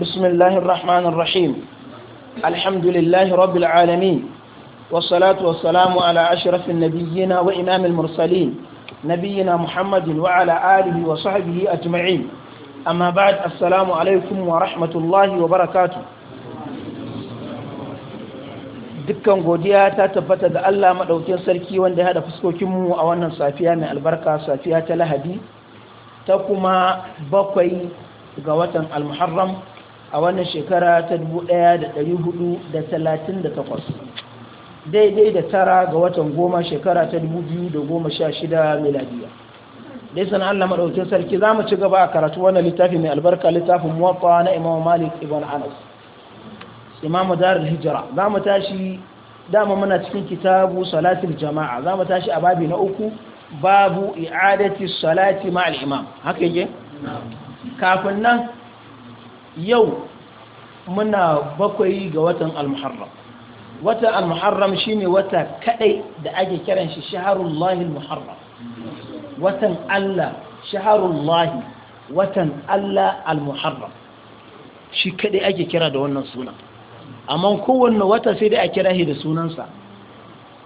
بسم الله الرحمن الرحيم الحمد لله رب العالمين والصلاة والسلام على أشرف النبيين وإمام المرسلين نبينا محمد وعلى آله وصحبه أجمعين أما بعد السلام عليكم ورحمة الله وبركاته dukkan godiya ta tabbata ga Allah maɗaukin sarki wanda ya haɗa fuskokinmu a wannan safiya mai albarka safiya ta lahadi ta kuma bakwai ga watan almuharram a wannan shekara ta 1438 daidai da tara ga watan goma shekara ta 2016 miladiya dai sana Allah maɗaukin sarki za mu ci gaba a karatu wannan littafi mai albarka littafin muwafa na imam malik ibn anas imamu darul hijira za mu tashi dama muna cikin kitabu salatul jama'a za mu tashi a babi na uku babu i'adati salati al imam haka yake kafin nan yau muna bakwai ga watan al-muharram watan al-muharram shine wata kadai da ake kiran shi shaharullahi al-muharram watan Allah shaharullahi watan Allah al-muharram shi kadai ake kira da wannan suna amma kowanne wata sai dai a kira shi da sunansa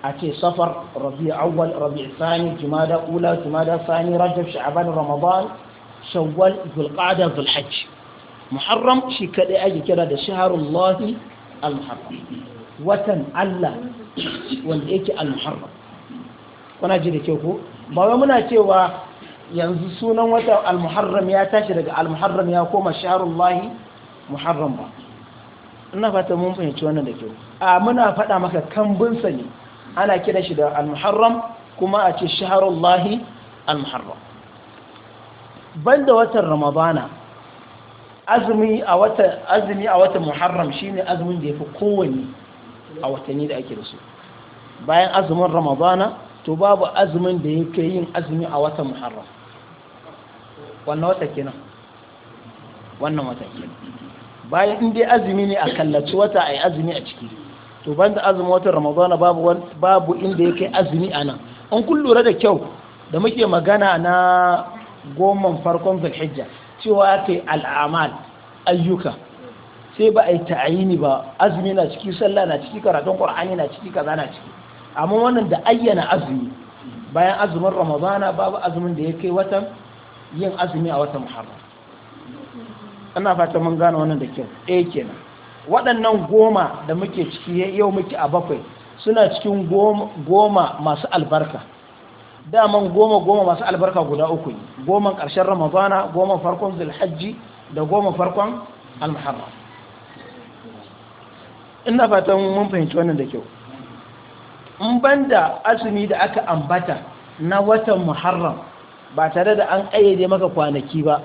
a ce safar rabi awwal rabi sani jumada ula jumada sani rajab sha'ban ramadan shawwal zulqa'da zulhajj muharram shi kaɗai ake kira da shaharullahi al-muharram watan Allah wanda yake al-muharram kuna ji da ke ko ba wai muna cewa yanzu sunan wata al-muharram ya tashi daga al-muharram ya koma shaharullahi muharram ba ina fata mun fahimci wannan da kyau a muna faɗa maka kambinsa ne ana kira shi da al-muharram kuma a ce shaharullahi al-muharram banda watan ramadana azumi a wata azumi a wata muharram shine azumin da yafi kowanne a watanni da ake da su bayan azumin ramadana to babu azumin da yake yin azumi a watan muharram wannan wata kenan wannan wata kenan bayan in dai azumi ne a kallaci wata ai azumi a ciki to banda azumi watan ramadana babu babu inda yake azumi a nan an kun lura da kyau da muke magana na goman farkon zulhijjah cewa kai al'amal ayyuka sai ba a yi ta'ayini ba azumi na ciki sallah na ciki karatun ƙwar'ani na ciki kaza na ciki amma wannan da ayyana azumi bayan azumin ramadana babu azumin da ya kai watan yin azumi a watan muharram ana fata mun gane wannan da kyau eh kenan waɗannan goma da muke ciki yau muke a bakwai suna cikin goma masu albarka daman goma goma masu albarka guda uku ne Goma ƙarshen ramadana goma farkon zulhajji da goma farkon almuharram ina fatan mun fahimci wannan da kyau in banda azumi da aka ambata na watan muharram ba tare da an ƙayyade maka kwanaki ba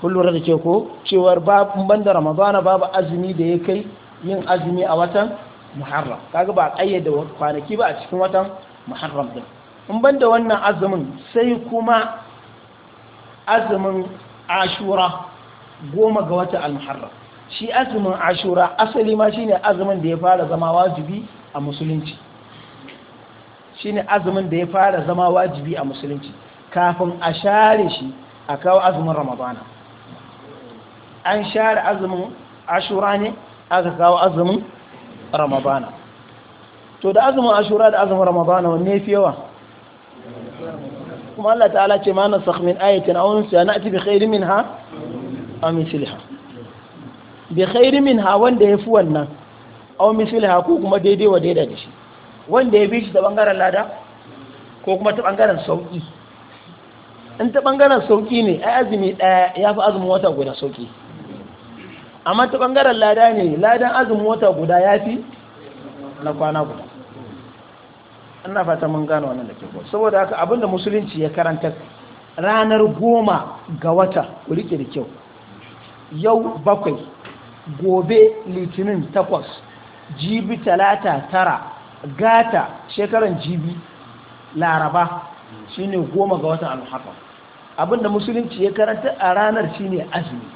kullum da ke ko cewar in banda ramadana babu azumi da ya kai yin azumi a watan muharram kaga ba ƙayyade kwanaki ba a cikin watan muharram din in ban da wannan azumin sai kuma azumin ashura goma ga wata almuharram shi azumin ashura asali ma shine azumin da ya fara zama wajibi a musulunci shine azumin da ya fara zama wajibi a musulunci kafin a share shi a kawo azumin ramadana an share azumin ashura ne aka kawo azumin ramadana to da azumin ashura da azumin ramadana wanne fi yawa kuma Allah ta'ala ce ma nasakh min ayatin aw nunsiha na'ti bi khairin minha aw misliha bi khairin minha wanda yafi wannan aw misliha ko kuma daidai wa daidai da shi wanda ya bi shi ta bangaren lada ko kuma ta bangaren sauki in ta bangaren sauki ne ai azumi daya fi azumin wata guda sauki amma ta bangaren lada ne ladan azumin wata guda ya fi na kwana guda ina fata mun gano wannan da ke ko saboda haka abinda musulunci ya karanta ranar goma ga wata ku rike da kyau yau bakwai gobe litinin takwas jibi talata tara gata shekaran jibi laraba shine goma ga watan alhafa abinda musulunci ya karanta a ranar shine azumi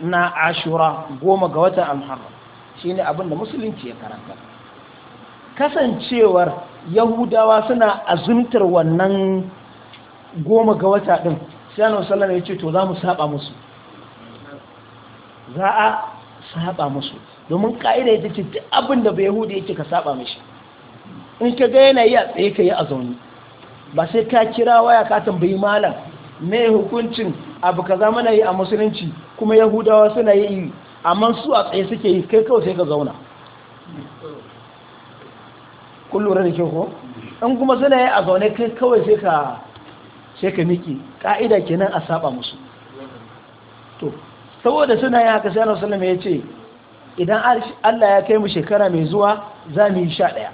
na ashura goma ga watan alhafa shine abinda musulunci ya karanta kasancewar yahudawa suna azumtar wannan goma ga wata ɗin shanon sallama ya ce to za mu saba musu za a saba musu domin ƙa'ida ita ce abin da bai yahudu yake ka saba mashi in ka ga yana yi a tsaye ka yi a zaune ba sai ka kira waya ka tambayi malam me hukuncin abu kaza na yi a musulunci kuma yahudawa suna yi amma su a tsaye suke yi kai kawai sai ka zauna kun da kyau ko in kuma suna yi a zaune kai kawai sai ka sai miki ka'ida kenan a saba musu to saboda suna yi haka sai Rasulullah ya ce idan Allah ya kai mu shekara mai zuwa za mu yi sha ɗaya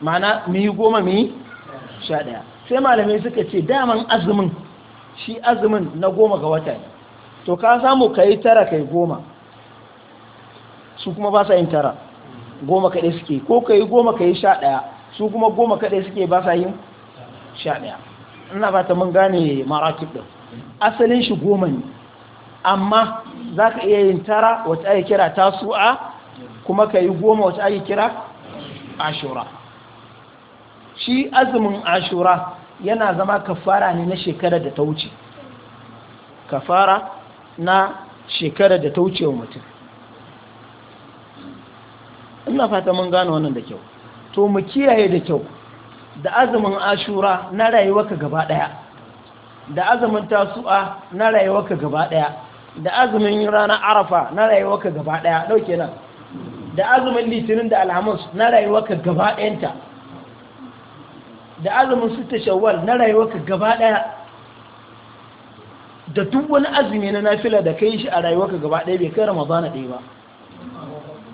ma'ana mu yi goma mu yi sha ɗaya sai malamai suka ce daman azumin shi azumin na goma ga wata ne to ka samu ka yi tara ka yi goma su kuma ba sa yin tara goma kaɗai suke ko ka yi goma ka yi sha ɗaya su kuma goma kaɗai suke ba sa yin sha ɗaya ina ba ta mun gane maratib ɗin asalin shi goma ne amma za ka iya yin tara wata ake kira tasu'a kuma ka yi goma wata ake kira ashura shi azumin ashura yana zama kafara ne na shekarar da ta wuce kafara na shekarar da ta wuce wa mutum ina fata mun gane wannan da kyau to mu kiyaye da kyau da azumin ashura na rayuwarka gaba daya da azumin tasu'a na rayuwarka gaba daya da azumin ranar arafa na rayuwarka gaba daya dauke nan da azumin litinin da alhamis na rayuwarka gaba dayanta da azumin sita shawwal na rayuwarka gaba daya da duk wani azumi na nafila da kai shi a rayuwarka gaba daya bai kai ramadana ɗaya ba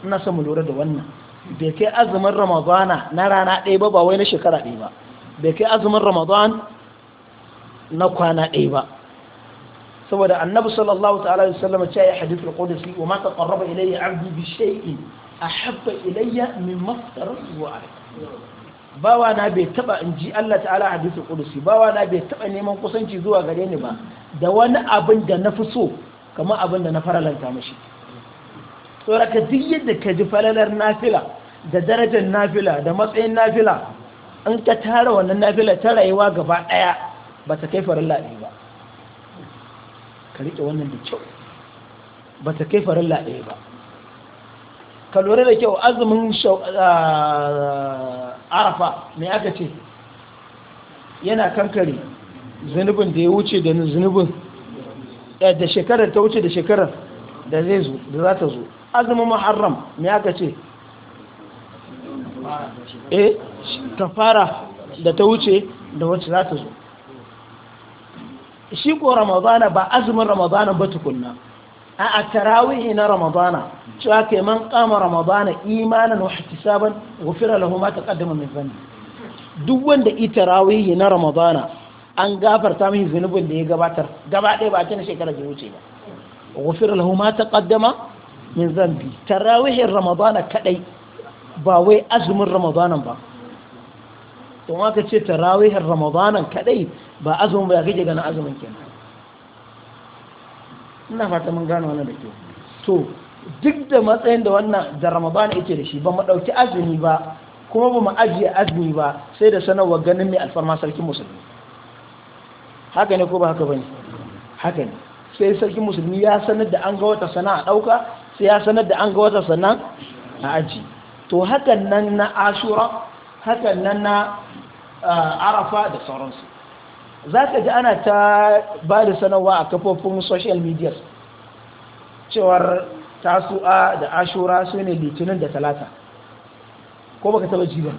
ina son mu lura da wannan da kai azumin ramadana na rana ɗaya ba ba wai na shekara ɗaya ba da kai azumin ramadan na kwana ɗaya ba saboda annabi sallallahu ta'ala alaihi sallama ce ya al qudsi wa ma taqarraba ilayya 'abdi bi shay'in ahabba ilayya min taqarraba wa alayhi bawa na bai taba in ji Allah ta'ala al qudsi bawa na bai taba neman kusanci zuwa gare ni ba da wani abin da na fi so kamar abin da na faralanta mashi ka duk yadda ka ji falalar nafila da darajar nafila da matsayin nafila in ka tara wannan nafila ta rayuwa gaba daya ba ta kai farin laɗe ba ka riƙe wannan da kyau ba ta kai farin laɗe ba ka lura da kyau azumin arafa mai aka ce yana kankare zunubin da ya wuce da zunubin eh, da shekarar ta wuce da shekarar da zai zo da za ta zo azumin muharram me aka ce eh kafara da ta wuce da wacce za ta zo shi ko ramadana ba azumin ramadana ba tukunna a a tarawihi na ramadana cewa ke man kama ramadana imanin wa ihtisaban gufira lahu ma taqaddama min duk wanda i tarawihi na ramadana an gafarta mai zunubin da ya gabatar gaba ɗaya ba ta na shekarar da wuce ba gufira lahu ma taqaddama min zambi tarawihin ramadana kadai ba wai azumin ramadanan ba to haka ce tarawihin ramadanan kadai ba azumin ba ya kake ganin azumin kenan ina fata mun gano wannan da kyau to duk da matsayin da wannan da ramadana yake da shi ba mu dauki azumi ba kuma ba mu ajiye azumi ba sai da sanarwa ganin mai alfarma sarkin musulmi haka ne ko ba haka bane haka ne sai sarkin musulmi ya sanar da an ga wata sana'a dauka sai ya sanar da an ga wata sannan a aji to hakan nan na ashura hakan nan na arafa da sauransu za ka ji ana ta ba da sanarwa a kafofin social media cewar tasu'a da ashura su ne litinin da talata ko baka taba ji ba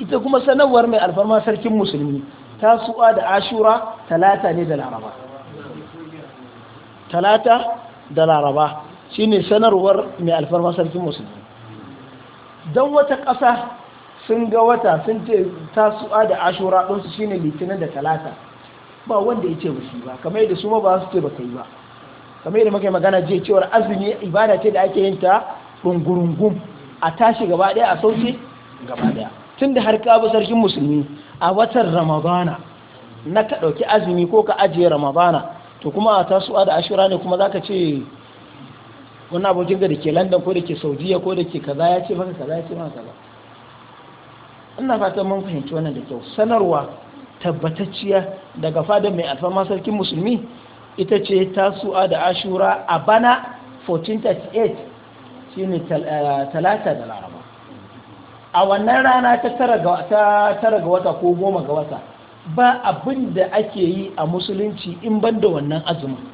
ita kuma sanarwar mai alfarma sarkin musulmi tasu'a da ashura talata ne da laraba talata da laraba ne sanarwar mai alfarma sarkin musulmi don wata ƙasa sun ga wata sun ce tasu'a da ashura ɗinsu ne litinin da talata ba wanda ya ce ba shi ba kamar yadda su ma ba su ce ba yi ba kamar yadda muka magana je cewar azumi ibada ce da ake yin ta ɗungurungun a tashi gaba ɗaya a sauke gaba ɗaya tun da har kabu sarkin musulmi a watan ramadana na ka ɗauki azumi ko ka ajiye ramadana to kuma a tasuwa da ashura ne kuma za ka ce wannan abokin ga da ke london ko da ke saudiya ko da ke kaza ya ce maka kaza ya ce maka kaza ina fatan mun fahimci wannan da kyau sanarwa tabbatacciya daga fadar mai alfama sarkin musulmi ita ce tasu'a da ashura a bana 1438 shine eh, talata da laraba a wannan rana ta tara ga wata ko goma ga wata ba abin da ake yi a musulunci in ban da wannan azumin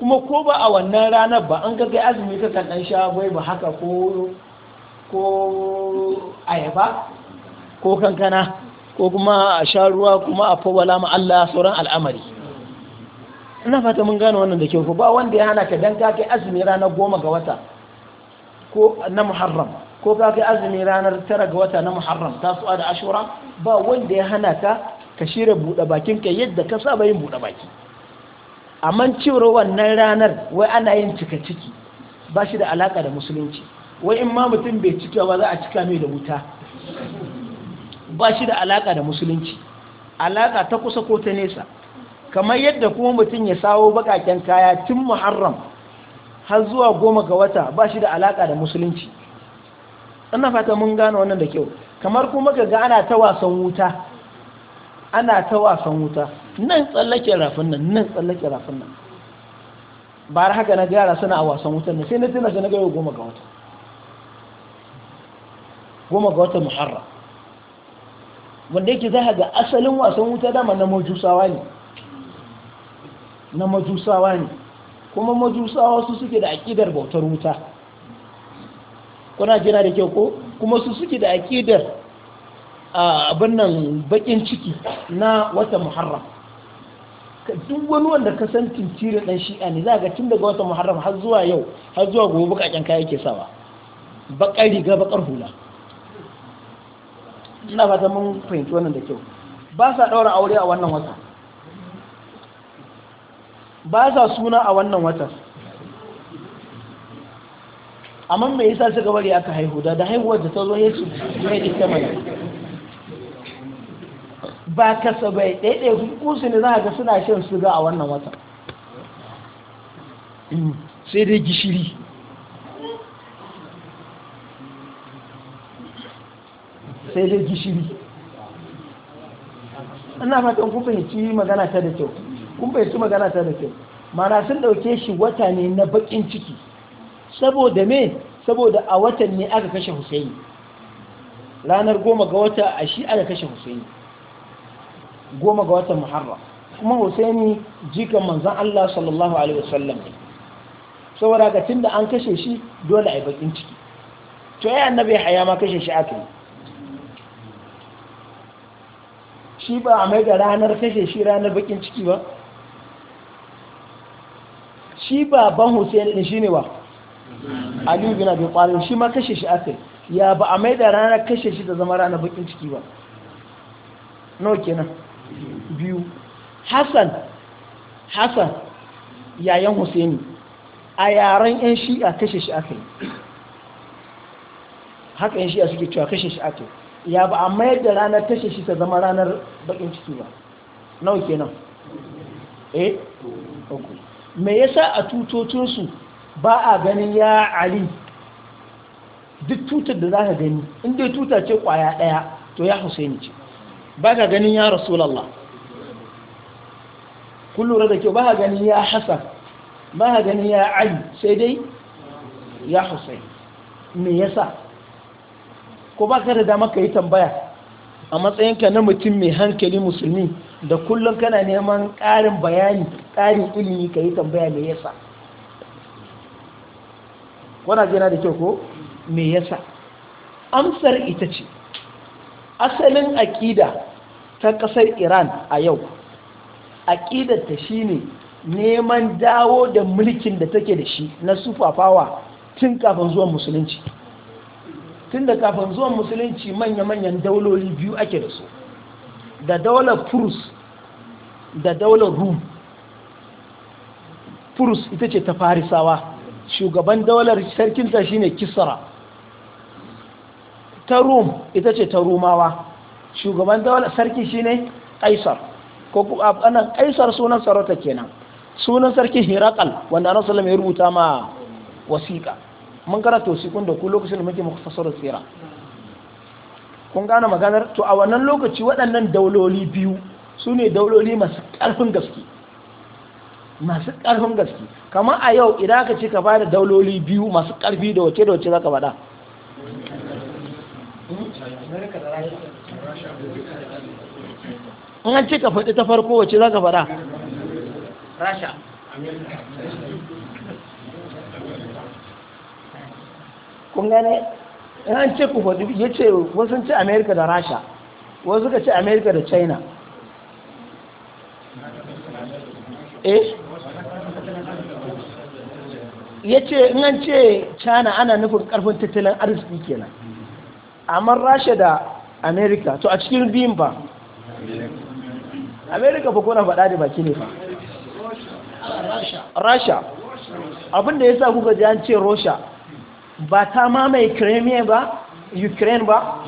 kuma ko ba a wannan ranar ba an gagai azumi kakan ɗan sha ba haka ko ayaba ko kankana ko kuma a sha ruwa kuma a fawala ma'alla Allah sauran al'amari ina fata mun gane wannan da ke ba wanda ya hana ka dan kake kai azumi ranar goma ga wata ko na muharram ko ka kai azumi ranar tara ga wata na muharram ta tasu'a da ashura ba wanda ya hana ka ka shirya buɗe bakin ka yadda ka saba yin buɗe baki amma cewar wannan ranar wai ana yin cika ciki ba shi da alaka da musulunci wai in ma mutum bai cika ba za a cika mai da wuta ba shi da alaka da musulunci alaka ta kusa ko ta nesa kamar yadda kuma mutum ya sawo bakaken kaya tun muharram har zuwa goma ga wata ba shi da alaka da musulunci ina fata mun gane wannan da kyau kamar kuma ga ana ta wasan wuta ana ta wasan wuta nan tsallake rafin nan nan tsallake rafin nan ba haka na yara suna a wasan wutan nan sai na tuna sai na yau goma ga wata goma ga wata muharra wanda yake za ga asalin wasan wuta dama na majusawa ne na majusawa ne kuma majusawa su suke da aƙidar bautar wuta kuna jira da kyau ko kuma su suke da akidar abin nan bakin ciki na wata muharram duk wani wanda ka san tintirin dan shi'a ne za ka tun daga wata muharram har zuwa yau har zuwa gobe bukaken kaya yake sawa bakar riga bakar hula ina fata mun fahimci wannan da kyau ba sa daura aure a wannan wata ba sa suna a wannan wata. amma mai yasa suka bari aka haihu da da haihuwar da ta zo yesu ne ita mana ba kasa bai ɗaiɗaya kusa ne za ga suna shan suga a wannan wata mm, sai dai gishiri sai dai gishiri ina fatan kun fahimci magana ta da kyau kun fahimci magana ta da kyau mana sun ɗauke shi wata ne na bakin ciki saboda me saboda a watan ne aka kashe husaini ranar goma ga wata a shi aka kashe husaini goma ga watan muharram kuma husaini jikan manzan Allah sallallahu alaihi wasallam ne saboda ga tunda an kashe shi dole a yi bakin ciki to ai annabi haya ma kashe shi aka yi shi ba a mai da ranar kashe shi ranar bakin ciki ba shi ba ban husaini din shine wa aliyu bin abi talib shi ma kashe shi akai ya ba a mai da rana kashe shi da zama rana bakin ciki ba nawa kenan biyu hassan hassan yayan husaini a yaren yan a kashe shi akai haka yan a suke cewa kashe shi akai ya ba a mai da ranar kashe shi ta zama ranar bakin ciki ba nawa kenan eh me yasa a tutocinsu ba a ganin ya ali duk tutar da za ka gani inda tuta ce kwaya ɗaya to ya husaini ce ba ka ganin ya rasulallah kun da kyau ba ka ganin ya hasan ba ka ganin ya ali sai dai ya husaini me yasa ko ba ka da dama ka yi tambaya a matsayinka na mutum mai hankali musulmi da kullum kana neman ƙarin bayani ƙarin ilimi ka yi tambaya me yasa wana jina da kyau ko me yasa amsar ita ce asalin aƙida ta ƙasar iran a yau aƙidar ta shine neman dawo da mulkin da take da shi na sufafawa tun kafin zuwan musulunci tun da kafin zuwan musulunci manya-manyan dauloli biyu ake da su da daular furus da daular rum furs ita ce ta farisawa shugaban daular sarkinta shine kisra ta rum ita ce ta rumawa shugaban daular sarki shine kaisar ko anan kaisar sunan sarauta kenan sunan sarki hirakal wanda annabi sallallahu ya rubuta ma wasiƙa mun karanta wasiƙun da ku lokacin da muke mukhtasarul tsira kun gane maganar to a wannan lokaci waɗannan dauloli biyu su ne dauloli masu ƙarfin gaske masu ƙarfin gaske kamar a yau idan ka ce ka ba da dauloli biyu masu ƙarfi da wace da wace za ka faɗa in an ce ka faɗi ta farko wace za ka faɗa kun gane in an ce ku faɗi ya ce wasu ce amerika da rasha wasu ka ce amerika da china eh ya ce in ce china ana nufin karfin tattalin arziki kenan amma rasha da america to a cikin biyun ba america ba kuna faɗa da baki ne ba rasha abinda ya sa kuka ji an ce rasha ba ta mamaye kremlin ba ukraine ba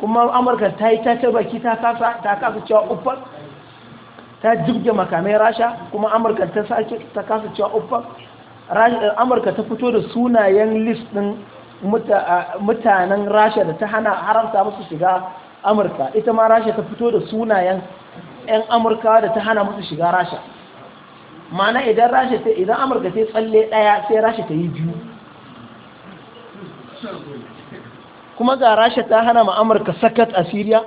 kuma amurka ta yi ta ce baki ta kasa ta kasa cewa ufak ta jibge makamai rasha kuma amurka ta kasa cewa ufak amurka ta fito da sunayen listin ɗin mutanen rasha da ta hana haramta musu shiga amurka ita ma rasha ta fito da sunayen 'yan amurka da ta hana musu shiga rasha mana idan rasha ta idan amurka ta tsalle ɗaya sai rasha ta yi biyu kuma ga rasha ta hana ma amurka sakat a syria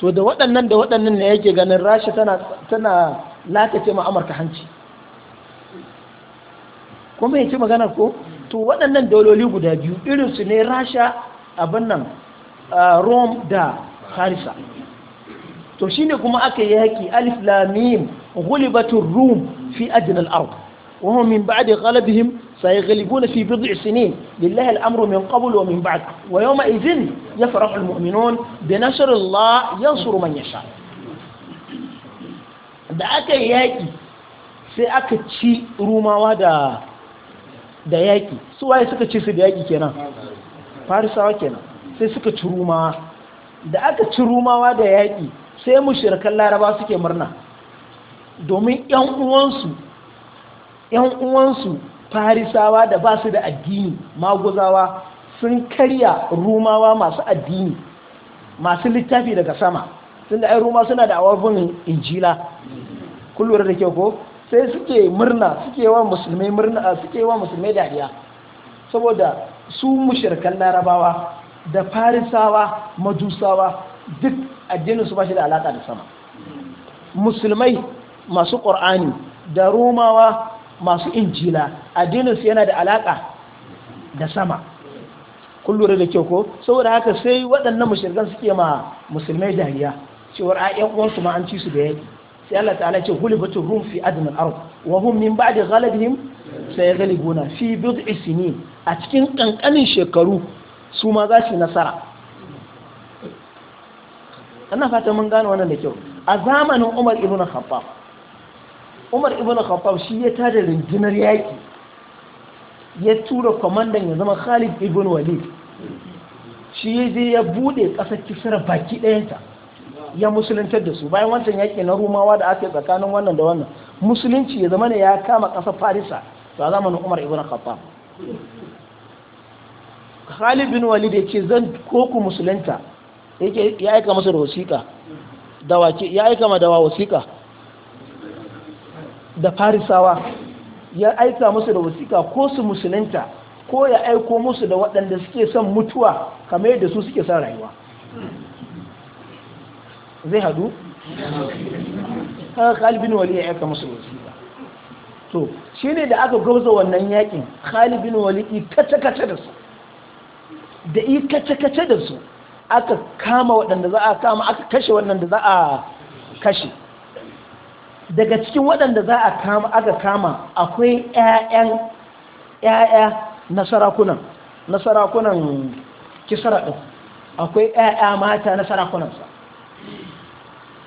to da waɗannan da waɗannan ne yake ganin rasha tana lakace ma amurka hanci kun fahimci maganar ko to waɗannan dauloli guda biyu irinsu ne rasha abin nan rome da harisa to shine kuma aka yi haƙi alif lamim ghulibatur rum fi adnal ard wa hum min ba'di ghalabihim sayaghlibuna fi bid'i sinin lillahi al-amru min qabl wa min ba'd wa yawma idhin yafrahu al-mu'minun bi nashr Allah man yasha da aka yi yaƙi sai aka ci rumawa da da yaƙi su waye suka ci su da yaƙi kenan farisawa kenan sai suka ci rumawa da aka ci rumawa da yaƙi sai mushrikan laraba suke murna domin ƴan uwansu yan uwansu farisawa da ba su da addini maguzawa sun karya rumawa masu addini masu littafi daga sama tunda ai ruma suna da awabin injila kullum da ke ko sai suke murna suke wa musulmai murna suke wa musulmai dariya saboda su mushirkan larabawa da farisawa majusawa duk addinin su ba shi da alaka da sama musulmai masu ƙor'ani da romawa masu injila addinin su yana da alaka da sama kun lura da kyau ko saboda haka sai waɗannan mushirkan suke ma musulmai dariya cewar a ƴan uwansu ma an ci su da yaƙi sai Allah ta'ala ce hulibatu rum fi admin ard wa hum min ba'di ghalabihim sayaghlibuna fi bid'i sinin a cikin kankanin shekaru su ma za su nasara ana fata mun gane wannan da kyau a zamanin Umar ibn Khattab Umar ibn Khattab shi ya tada rundunar yaki ya tura kwamandan ya zama Khalid ibn Walid shi ya je ya bude kasar Kisra baki ɗayanta ya musuluntar da su bayan wancan yaƙi na rumawa da aka yi tsakanin wannan da wannan musulunci ya zama ne ya kama ƙasar farisa ba zamanin umar ibn khattab khalid bin walid ya ke zan ko ku musulunta ya aika masa da wasiƙa da ya aika ma dawa wasiƙa da farisawa ya aika musu da wasiƙa ko su musulunta ko ya aiko musu da waɗanda suke son mutuwa kamar yadda su suke son rayuwa zai hadu haka kalibin wali ya aika musu wasiƙa to shi ne da aka gauza wannan yakin kalibin wali yi kace-kace da su da yi kace-kace da su aka kama waɗanda za a kama aka kashe waɗanda za a kashe daga cikin waɗanda za a kama aka kama akwai 'ya'yan 'ya'ya na sarakunan na sarakunan kisara ɗin akwai 'ya'ya mata na sarakunansa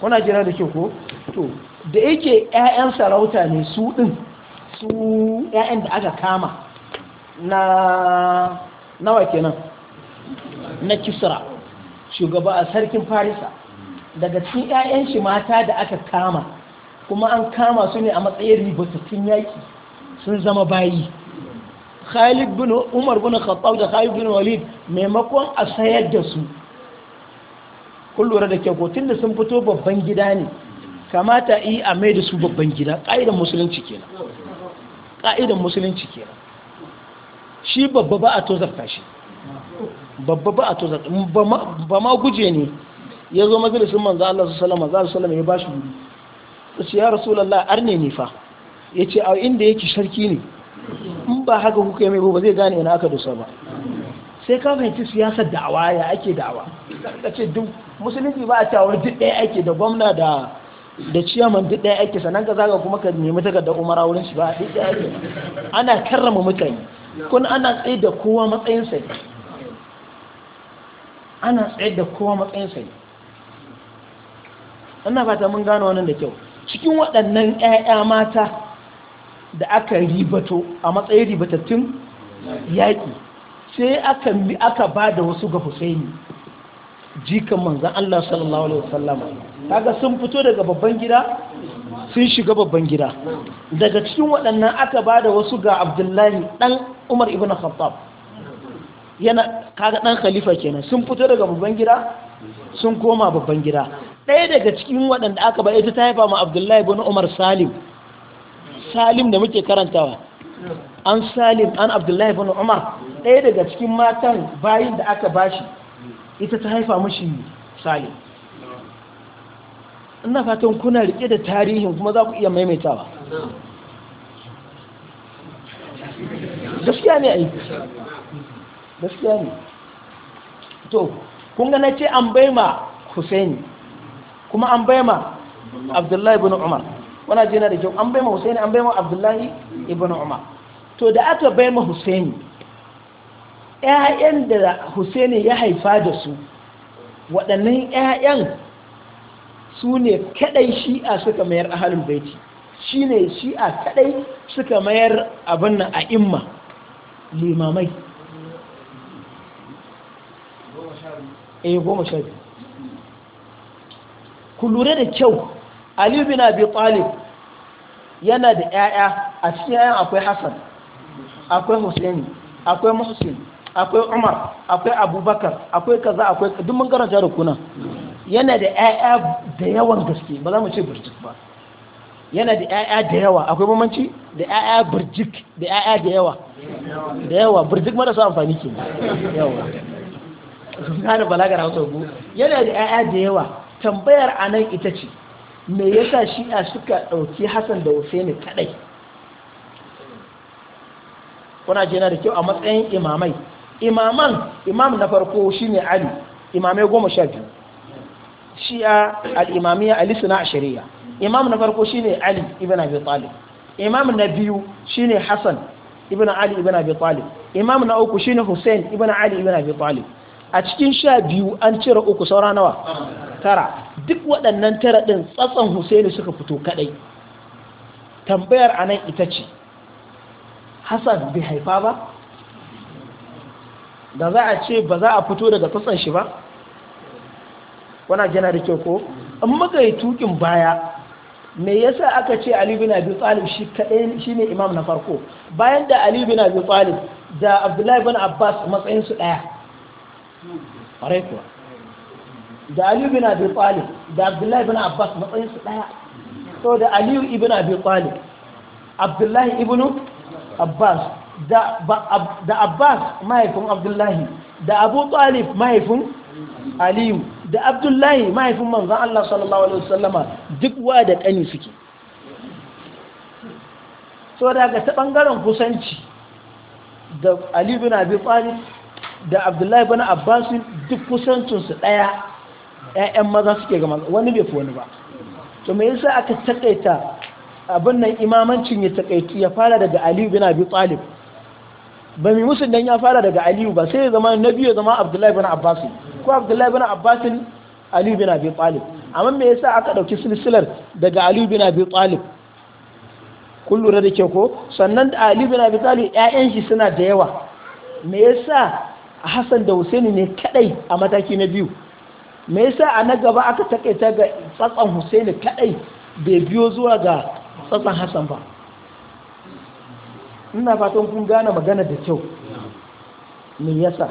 wana jira da kyau ko to da yake 'ya'yan sarauta ne su ɗin su 'ya'yan da aka kama na nawa kenan na kisra shugaba a sarkin farisa daga cikin 'ya'yan shi mata da aka kama kuma an kama su ne a matsayin ribatattun yaki, sun zama bayi khalid bin umar bin khattab da khalid bin walid maimakon a sayar da su kun lura da kyau tun da sun fito babban gida ne kamata yi a mai da su babban gida ƙa'idan musulunci kenan ƙa'idan musulunci kenan shi babba ba a tozarta shi babba ba a tozarta ba ma guje ne ya zo majalisun manzo Allah su salama, za su salama ya bashi guri ce ya rasulullah arne ne fa ce a inda yake sharki ne in ba haka kuka yi mai ba zai gane ina aka dusa ba sai ka fahimci siyasar da'awa ya ake da'awa ka ce duk musulunci ba a cewa duk ɗaya ake da gwamna da da ciyaman duk ɗaya ake sannan ka zaga kuma ka nemi da umara wurin shi ba duk ɗaya ake ana karrama mutane kun ana tsaye da kowa matsayin sai ana tsaye da kowa matsayin sai ina fata mun gano wannan da kyau cikin waɗannan ƴaƴa mata da aka ribato a matsayin ribatattun yaƙi sai aka aka ba da wasu ga husaini jikan manzan Allah sallallahu alaihi wasallam kaga sun fito daga babban gida sun shiga babban gida daga cikin waɗannan aka ba da wasu ga abdullahi ɗan umar ibn khattab yana kaga ɗan khalifa kenan sun fito daga babban gida sun koma babban gida ɗaya daga cikin waɗanda aka ba ita ta haifa ma abdullahi ibn umar salim salim da muke karantawa an salim an abdullahi bin umar ɗaya daga cikin matan bayin da aka bashi ita ta haifa mashi salim ina fatan kuna rike da tarihin kuma za ku iya maimaitawa gaskiya ne a yi gaskiya ne to kunga na ce an bai ma husaini kuma an bai ma abdullahi bin umar wana ji yana da kyau an bai ma husaini an bai ma abdullahi ibn umar to da aka bai ma husaini ƴaƴan da husaini ya haifa da su waɗannan ƴaƴan su ne kaɗai shi'a suka mayar ahalin baiti shi ne shi'a kaɗai suka mayar abin nan a imma limamai eh goma sha biyu ku lura da kyau ali bin abi talib yana da ƴaƴa a cikin ƴaƴan akwai Hassan, akwai husaini akwai muhsin akwai umar akwai abubakar akwai kaza akwai duk mun karanta da kuna yana da ƴaƴa da yawan gaske ba za mu ce burjik ba yana da ƴaƴa da yawa akwai bambanci da ƴaƴa burjik da ƴaƴa da yawa da yawa burjik marasa amfani ke yawa da balagar hausa yana da ƴaƴa da yawa tambayar anan ita ce me yasa shi'a suka ɗauki hassan da husaini kadai kuna ce yana da kyau a matsayin imamai imaman imam na farko shine ali imamai goma sha biyu shi'a al'imamiya alisuna a shari'a imam na farko shine ali ibn abi talib imam na biyu shine hassan ibn ali ibn abi talib imam na uku shine hussein ibn ali ibn abi talib a cikin sha biyu an cire uku saura nawa tara duk waɗannan tara ɗin tsatson husaini suka fito kaɗai tambayar a nan ita ce hassan bai haifa ba da za a ce ba za a fito daga tsatson shi ba wana gina da kyau ko In muka yi tukin baya me yasa aka ce ali bin abi tsalib shi shi shine imam na farko bayan da ali bin abi tsalib da abdullahi bin abbas matsayinsu ɗaya. ƙwarai kuwa da aliyu bin abi talib da abdullahi bin abbas matsayin su daya so da aliyu ibn abi talib abdullahi ibn abbas da abbas mahaifin abdullahi da abu talib mahaifin aliyu da abdullahi mahaifin manzan allah sallallahu alaihi wasallama duk wa da kani suke so daga ta bangaren kusanci da aliyu bin abi talib da abdullahi bani abbas duk kusancinsu ɗaya ‘ya'yan maza suke gama wani bai fi wani ba to me yasa aka takaita abin nan imamancin ya takaitu ya fara daga aliyu bin abi talib ba mai musu dan ya fara daga aliyu ba sai ya zama na biyu ya zama abdullahi bani abbas ko abdullahi bani abbas aliyu bin abi talib amma me yasa aka ɗauki silsilar daga aliyu bin abi talib kun lura da ke ko sannan da aliyu bin abi talib ƴaƴan shi suna da yawa me yasa hassan da Hussein ne kadai a mataki na biyu me yasa a na gaba aka takaita ga tsatsan Hussein kadai bai biyo zuwa ga tsatsan hassan ba ina fatan kun gane magana da kyau me yasa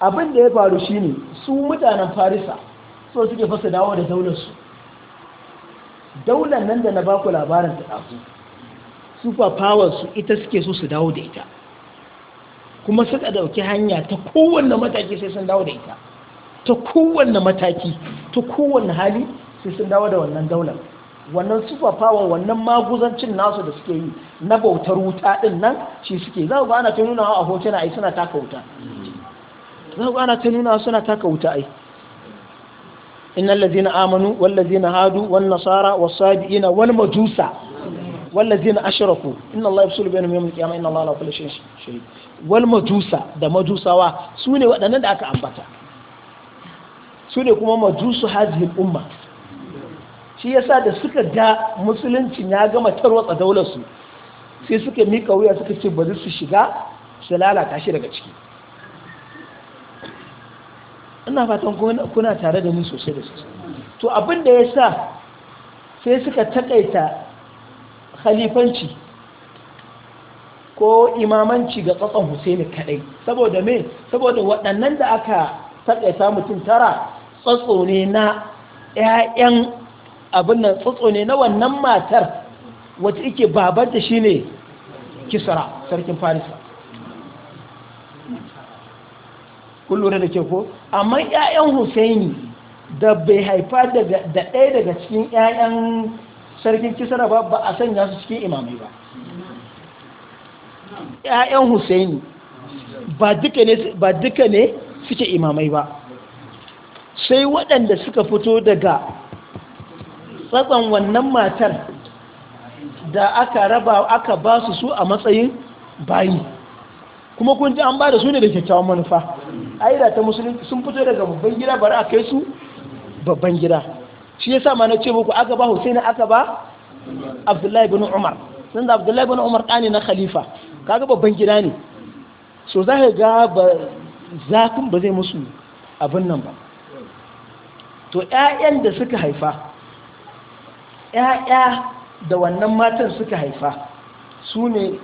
abin da ya faru shine su mutanen farisa so suke fasa dawo da daular su daular nan da na baku labarin ta dafu super powers ita suke so su dawo da ita kuma suka ɗauki hanya ta kowanne mataki sai sun dawo da ita ta kowanne mataki ta kowanne hali sai sun dawo da wannan daular wannan superpower wannan maguzancin nasu da suke yi na bautar wuta din nan shi suke za ku ana ta nuna a hotuna ai suna taka wuta za ku ana ta nuna suna taka wuta ai innal na amanu wal ladina hadu wan nasara was sabiina wal majusa wal ladina ashraku inna allaha yafsulu bainahum yawm al qiyamah inna allaha la kulli wal majusa da majusawa su ne waɗannan da aka ambata su ne kuma majusu Haji umma shi yasa da suka da musuluncin ya gama tarwatsa daularsu sai suka mika wuya suka ce bari su shiga su lalata shi daga ciki ina fatan kuna tare da mu sosai da sosai to abin da ya sa sai suka takaita khalifanci ko imamanci ga tsatson Husaini kadai saboda me saboda waɗannan da aka samu mutum tara tsatso ne na ƴaƴan abin nan tsatso ne na wannan matar wacce yake babar da shine Kisra sarkin Farisa kun lura da ke ko amma ƴaƴan Husaini da bai haifa daga da ɗaya daga cikin ƴaƴan sarkin Kisra ba ba a sanya su cikin imamai ba yayan husaini ba duka ne ba suke imamai ba sai waɗanda suka fito daga tsatsan wannan matar da aka raba aka ba su su a matsayin bayi kuma kun an ba da su ne da kyakkyawan manufa aida ta musulunci sun fito daga babban gida bari a kai su babban gida shi sa ma na ce muku aka ba Hussaini aka ba Abdullahi bin Umar sun da Abdullahi bin Umar ɗani na khalifa kaga babban gida ne so za ka ga zafin ba zai musu abin nan ba to 'ya'yan da suka haifa 'ya'ya da wannan matan suka haifa su ne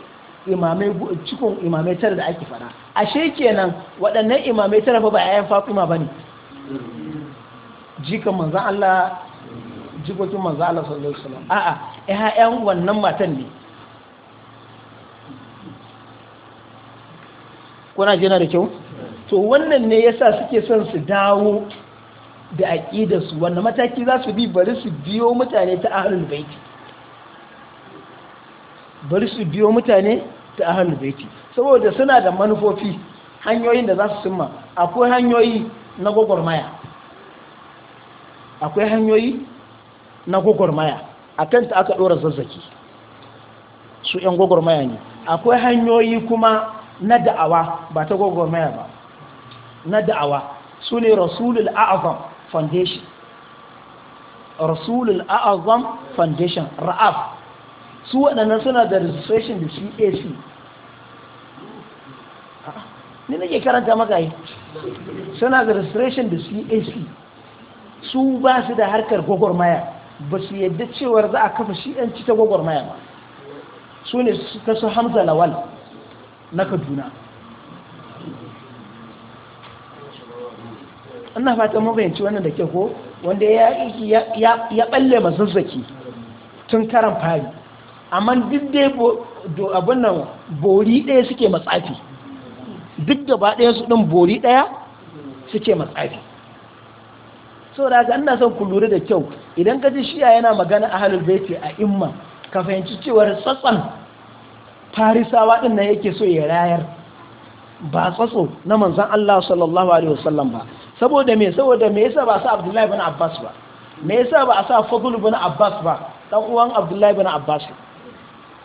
imamai cikin imamai tara da ake fara ashe kenan waɗannan imamai tara ba ba 'ya'yan fatima ba ne jikan manzan Allah jikokin manzan Allah sallallahu Alaihi wasallam a'a 'ya'yan wannan matan ne kuna jina da kyau to wannan ne yasa suke son su dawo da su? wannan mataki za su bi bari su biyo mutane ta ahlul baiti bari su biyo mutane ta ahlul baiti saboda suna da manufofi hanyoyin da za su summa akwai hanyoyi na gwagwarmaya akwai hanyoyi na gwagwarmaya a ta aka ɗora zazzaki su 'yan gwagwarmaya ne akwai hanyoyi kuma na da'awa ba ta gwagwarmaya ba na da'awa su ne rasulul a'azam foundation rasulul a'azam foundation ra'af su waɗannan suna da registration da cac ni nake karanta maka yi suna da registration da cac su ba su da harkar gwagwarmaya ba su yadda cewar za a kafa shi 'yanci ta gwagwarmaya ba su ne ta su hamza lawal na kaduna ina fatan mabayanci wannan da ke ko wanda ya balle mazazzaki tun karan fari amma duk da abin nan bori ɗaya suke matsafi duk gaba ɗaya su ɗin bori daya suke matsafi so da ga ina son ku lura da kyau idan ka ji shiya yana magana a halin baiti a imma ka fahimci cewar tsatsan farisawa din nan yake so ya rayar ba tsatso na manzan Allah sallallahu alaihi wasallam ba saboda me saboda me yasa ba sa Abdullahi ibn Abbas ba me yasa ba a sa Fadl ibn Abbas ba dan uwan Abdullahi ibn Abbas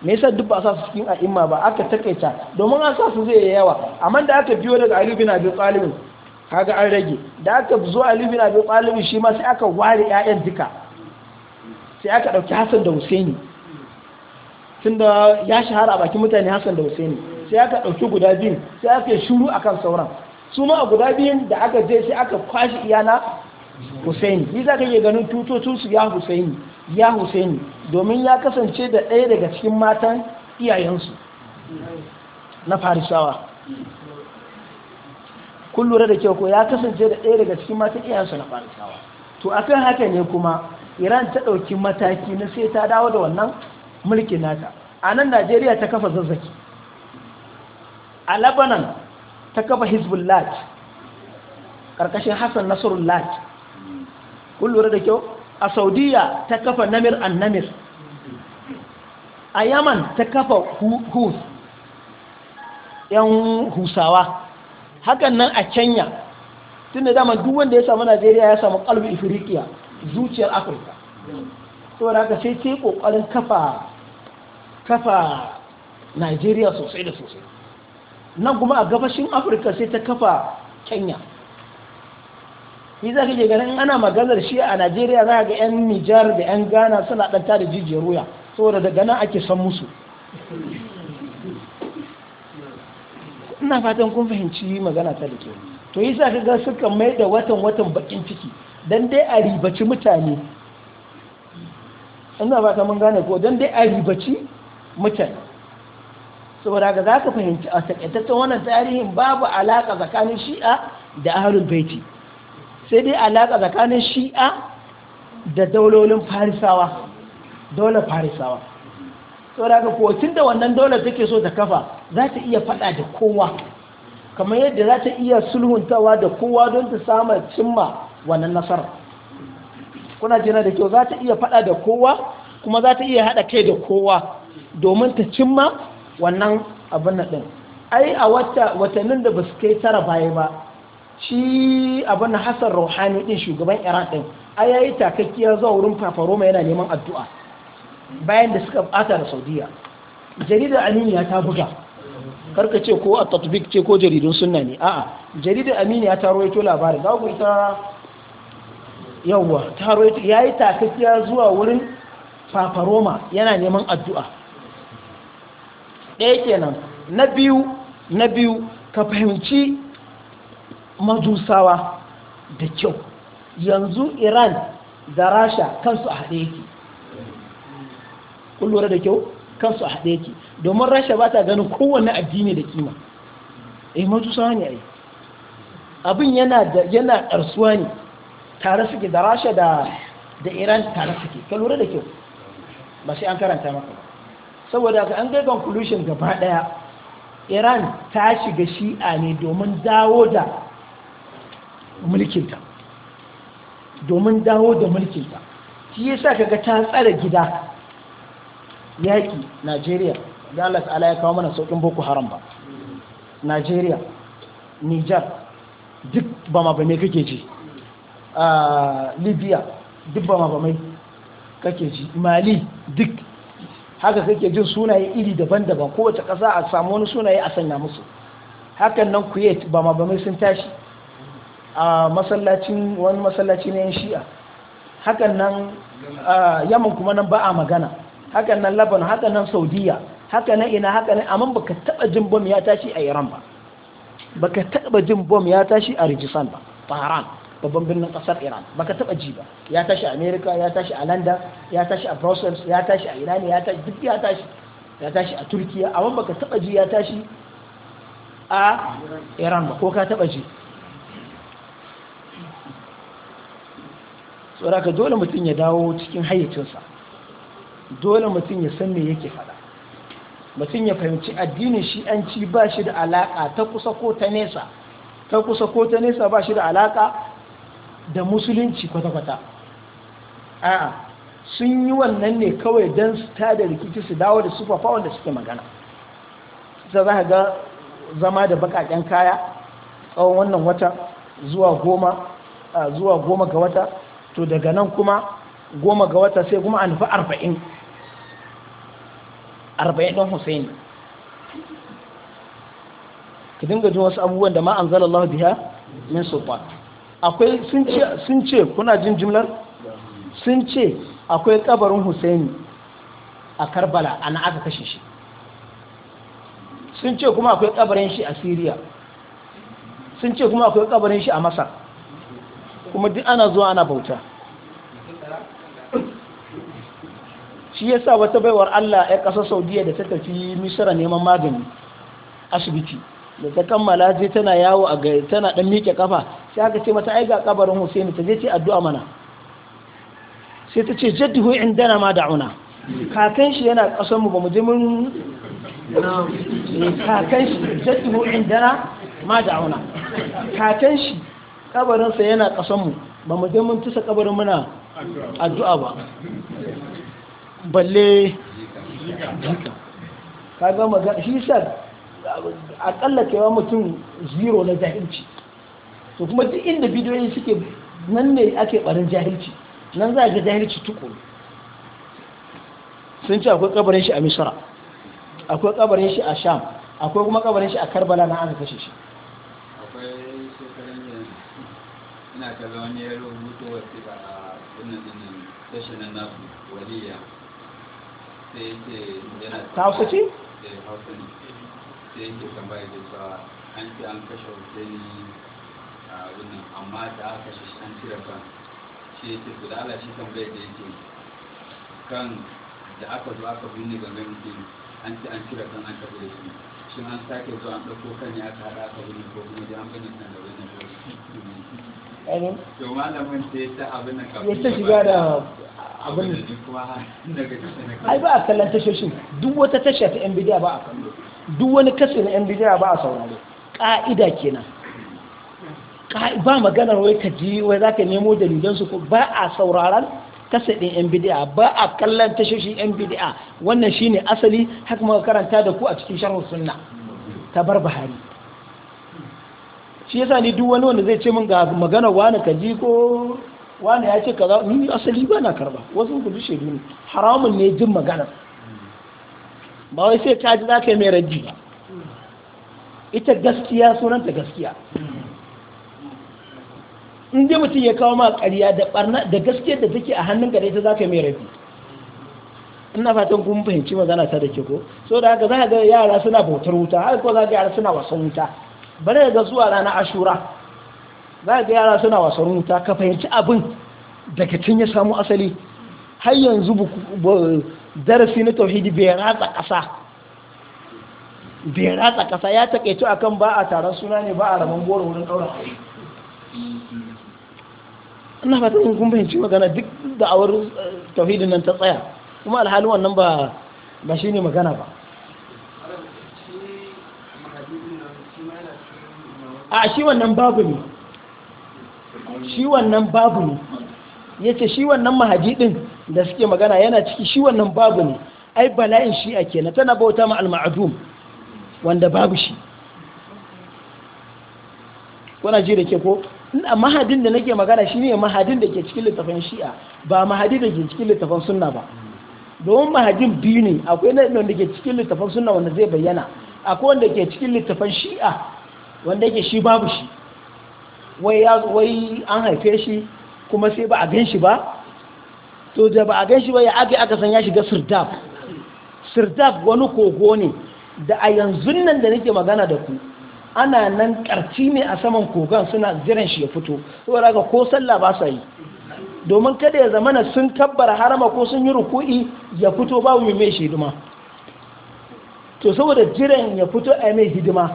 me yasa duk ba sa su cikin a'imma ba aka takaita domin an sa su zai yawa amma da aka biyo daga Ali bin Abi Talib kaga an rage da aka zo Ali bin Abi Talib shi ma sai aka ware ƴaƴan duka sai aka dauki Hassan da Husaini tunda ya shahara a bakin mutane Hassan da Husaini sai aka ɗauki guda biyun sai aka shuru akan sauran su ma a guda biyun da aka je sai aka kwashi iyana Husaini ni za ka iya ganin tutocin su ya Husaini ya Husaini domin ya kasance da ɗaya daga cikin matan iyayensu na Farisawa kun lura da kyau ko ya kasance da ɗaya daga cikin matan iyayensu na Farisawa to akan haka ne kuma Iran ta ɗauki mataki na sai ta dawo da wannan mulki nata a nan najeriya ta kafa zazzaki a labanan ta kafa hezbollah ƙarƙashin hassan nasarullah kun lura da kyau a saudiya ta kafa namir an namir a yaman ta kafa hus yan husawa hakan nan a kenya tun da dama duk wanda ya samu najeriya ya samu kalbi ifirikiya zuciyar afirka saboda haka sai ta yi ƙoƙarin kafa kafa najeriya sosai da sosai nan kuma a gabashin afirka sai ta kafa kenya yi za ka ke ganin ana maganar shi a najeriya za ga 'yan nijar da 'yan ghana suna ɗanta da jijiyar wuya saboda daga nan ake san musu ina fatan kun fahimci magana ta da ke to yi za ka ga suka mai da watan watan bakin ciki don dai a ribaci mutane ina fatan mun gane ko don dai a ribaci mutane saboda ga za ka fahimci a takaitaccen wannan tarihin babu alaƙa tsakanin shi'a da ahalul baiti sai dai alaƙa tsakanin shi'a da daulolin farisawa daular farisawa saboda ga kotun da wannan daular take so ta kafa za ta iya faɗa da kowa kamar yadda za ta iya sulhuntawa da kowa don ta samu cimma wannan nasara kuna jina da kyau za ta iya faɗa da kowa kuma za ta iya haɗa kai da kowa domin ta cimma wannan abin ɗin. ai a watannin da ba su kai tara baya ba shi abin na hassan rohani din shugaban iran din ai ya yi takakkiya zuwa wurin fafaroma yana neman addu'a bayan da suka bata da saudiya jaridar aminiya ta buga karka ce ko a tatubik ce ko jaridun sunna ne a'a jaridar aminiya ta rawaito labarin za ku ta yawwa ta rawaito ya yi takakkiya zuwa wurin fafaroma yana neman addu'a ɗaya kenan na biyu na biyu ka fahimci majusawa da kyau yanzu iran da rasha kansu a haɗe yake kun da kyau kansu a haɗe yake domin rasha ba ta ganin kowane addini da kima eh majusawa ne ai abin yana ƙarsuwa ne tare suke da rasha da iran tare suke ka lura da kyau ba sai an karanta maka ba saboda ka an kai conclusion gaba daya iran ta shiga shi'a ne domin dawo da mulkinta domin dawo da mulkinta shi yasa kaga ta tsara gida yaki najeriya Dallas, allah ta'ala ya kawo mana saukin boko haram ba najeriya niger duk ba ma bane kake ji ah, libya duk ba ma bane kake ji mali duk haka kake jin sunaye iri daban-daban kowace ƙasa a samu wani sunaye a sanya musu hakan nan kuwait ba ma bamai sun tashi a masallacin wani masallaci na yan shi'a hakan nan yaman kuma nan ba a magana hakan nan laban hakan nan saudiya hakan nan ina hakan nan amma baka taba jin bom ya tashi a iran ba baka taba jin bom ya tashi a rijisan ba faharan babban birnin kasar iran baka taba ji ba ya tashi a america ya tashi a london ya tashi a brussels ya tashi a iran ya tashi duk ya tashi ya tashi a turkiya amma baka taba ji ya tashi a iran ba ko ka taba ji tsoraka dole mutum ya dawo cikin hayyacinsa dole mutum ya san me yake fada mutum ya fahimci addinin shi'anci ba shi da alaka ta kusa ko ta nesa ta kusa ko ta nesa ba shi da alaka da musulunci kwata-kwata a'a sun yi wannan ne kawai don su ta da rikici su dawo da sufafa wanda suke magana ta za ga zama da bakaken kaya tsawon wannan wata zuwa goma zuwa goma ga wata to daga nan kuma goma ga wata sai kuma an fi arba'in arba'in don husaini ka dinga jin wasu abubuwan da ma an biya min sulfat akwai sun ce kuna jin jimlar sun ce akwai kabarin husaini a karbala ana aka kashe shi sun ce kuma akwai kabarin shi a siriya sun ce kuma akwai kabarin shi a masar kuma duk ana zuwa ana bauta shi ya sa wata baiwar allah ya kasa saudiya da ta tafi misira neman magani asibiti da ta kammala sai tana yawo a gari tana dan miƙe kafa sai aka ce mata ai ga kabarin Husaini ta je ce addu'a mana sai ta ce jaddihu indana ma da'una kakan shi yana kasan mu bamu je mun kakan shi jaddihu indana ma da'una kakan shi kabarin sa yana kasan mu bamu je mun tusa kabarin muna addu'a ba balle kaga magana shi sai akalla kaiwa mutum zero na jahilci to kuma duk inda bidiyoyi suke nan ne ake barin jahilci nan za a ga jahilci tukuru sun ce akwai kabarin shi a misra akwai kabarin shi a sham akwai kuma kabarin shi a karbala na an kashe shi akwai shekarun yanzu ina ta zaune ya rubuto wasu a wannan na ce ta hausa ce? Eh, hausa ne sai yake tambaya da cewa an ce an kashe hussaini a wannan amma da aka shi an cire kan shi yake su da ala shi tambayar da yake kan da aka zo aka binne game mutum an ce an cire kan an tafi da shi shi an sake zo an ɗauko kan ya aka haɗa aka binne ko kuma da an binne kan da wani ko amin to malamin sai ta abin nan kafin ya ta shiga da abin nan ai ba a kallon tashoshin duk wata tasha ta yan bidiya ba a kallo duk wani kasu na yan bidiya ba a saurare ƙa'ida kenan ba maganar wai ka ji wai za ka nemo dalilansu ko ba a sauraron ɗin yan bidiya ba a kallon tashoshin yan bidiya wannan shine asali haka maka karanta da ku a cikin sharh sunna ta bar bahari. shi yasa ni duk wani wanda zai ce min ga maganar wani ka ji ko wani ya ce kaza ni asali ba na karba wasu ku shaidu ne haramun ne jin maganar ba wai sai ka ji za ka yi mai rajji ba ita gaskiya sunanta gaskiya in dai mutum ya kawo ma ƙarya da barna da gaskiyar da take a hannun gare ta za ka yi mai rabi ina fatan kun fahimci magana ta da ke ko so da haka za ga yara suna bautar wuta har ko za ga yara suna wasan wuta bare ga zuwa rana ashura za ga yara suna wasan wuta ka fahimci abin daga tun ya samu asali har yanzu darasi na tauhidi bai ratsa ƙasa bai ratsa ƙasa ya taƙaitu akan ba a taron suna ne ba a raman goro wurin ɗaura aure ina fata in kun fahimci magana duk da awar eh, tauhidin nan ta tsaya kuma alhalin wannan ba ba ne magana ba a shi wannan babu ne shi wannan babu ne yace shi wannan mahajidin din da suke magana yana ciki shi wannan babu ne ai bala'in shi a kenan tana bauta ma al-ma'dum wanda babu shi kuna ji da ke ko mahadin da nake magana shi ne mahadin da ke cikin littafin shi'a ba mahadin da ke cikin littafin sunna ba domin mahadin biyu ne akwai na wanda ke cikin littafin sunna wanda zai bayyana akwai wanda ke cikin littafin shi'a wanda yake shi babu shi wai an haife shi kuma sai ba a gan shi ba to da ba a gan shi ba ya aka aka san ya shiga sirdaf sirdaf wani kogo ne da a yanzu nan da nake magana da ku ana nan karci ne a saman kogon suna jiran shi ya fito saboda ga ko sallah ba sa domin kada ya zamana sun kabbara harama ko sun yi ruku'i ya fito ba mu mai hidima to saboda jiran ya fito a mai hidima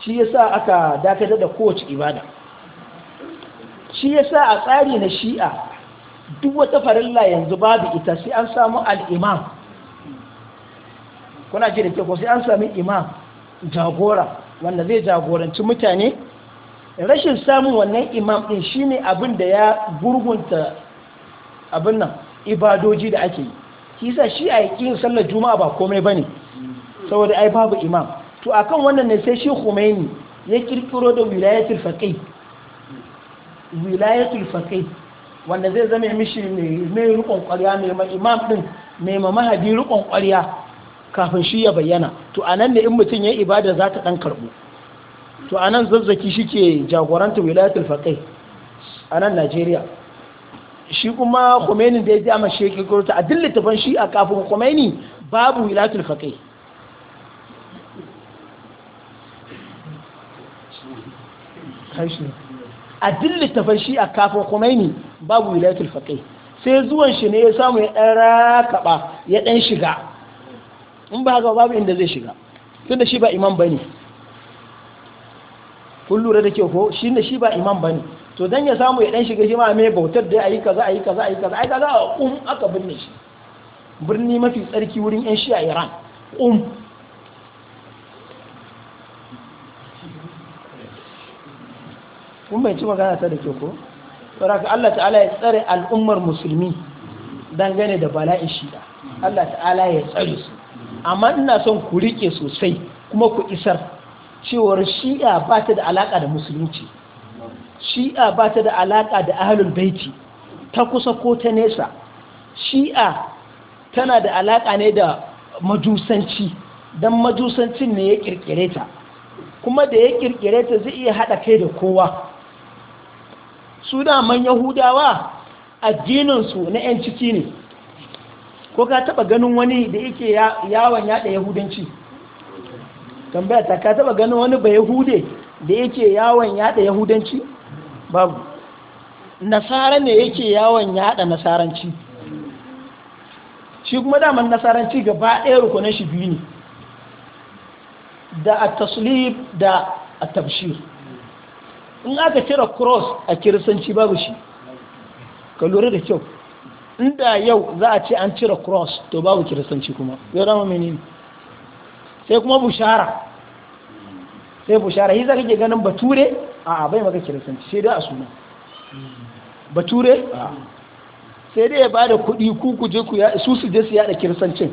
shi yasa aka dakatar da kowace ibada shi yasa a tsari na shi'a duk wata farilla yanzu babu ita sai an samu al'imam kuna ji da ke ko sai an sami imam jagora wanda zai jagoranci mutane rashin samun wannan imam ɗin shine abin da ya gurgunta abin nan ibadoji da ake yi kisa shi a yakin sallar juma'a ba komai ba ne saboda ai babu imam to akan wannan ne sai shi Khomeini ya kirkiro da wilayatul faqih wanda zai zama mishi mai rukun ne mai imam din mai mahadi rukun kwarya kafin shi ya bayyana to a nan ne in mutum ya ibada za ta ɗan karɓo. to a nan zazzaki shi ke jagoranta wilayatul faƙai a nan najeriya shi kuma khomeini da ya ji amma shi ya a dillin tafan shi a kafin khomeini babu wilayatul faƙai a dillita littafan shi a kafin khomeini babu wilayatul faqih sai zuwan shi ne ya samu ya dan rakaba ya dan shiga in ba haka babu inda zai shiga tunda shi ba imam bane kun lura da kyau ko shi ne shi ba imam bane to dan ya samu ya dan shiga shi ma mai bautar da ayi kaza ayi kaza ayi kaza ai kaza um aka binne shi birni mafi tsarki wurin yan shi a Iran um kun bai ci magana ta da kyau ko saboda Allah ta'ala ya tsare al'ummar musulmi dangane da bala'in shi'a Allah ta'ala ya tsare su amma ina son ku rike sosai kuma ku isar cewar shi'a ba ta da alaka da musulunci shi'a ba ta da alaƙa da ahlul baiti ta kusa ko ta nesa shi'a tana da alaƙa ne da majusanci don majusancin ne ya kirkire ta kuma da ya kirkire ta zai iya haɗa kai da kowa su man yahudawa addininsu na 'yan ciki ne ko ka taba ganin wani da yake yawon yada yahudanci tambaya ta ka taba ganin wani ba yahude da yake yawon yada yahudanci babu nasara ne yake yawon yada nasaranci shi kuma daman nasaranci gaba ɗaya rukunan shi biyu ne da a taslib da a tabshir in aka cire cross a kirisanci babu shi ka lura da kyau inda yau za a ce an cire cross to babu kirisanci kuma yau dama menene sai kuma bushara sai bushara yi za kake ganin bature a bai maka kirisanci sai dai a suna bature sai dai ya ba da kuɗi ku ku je ku su su je su yada kirisancin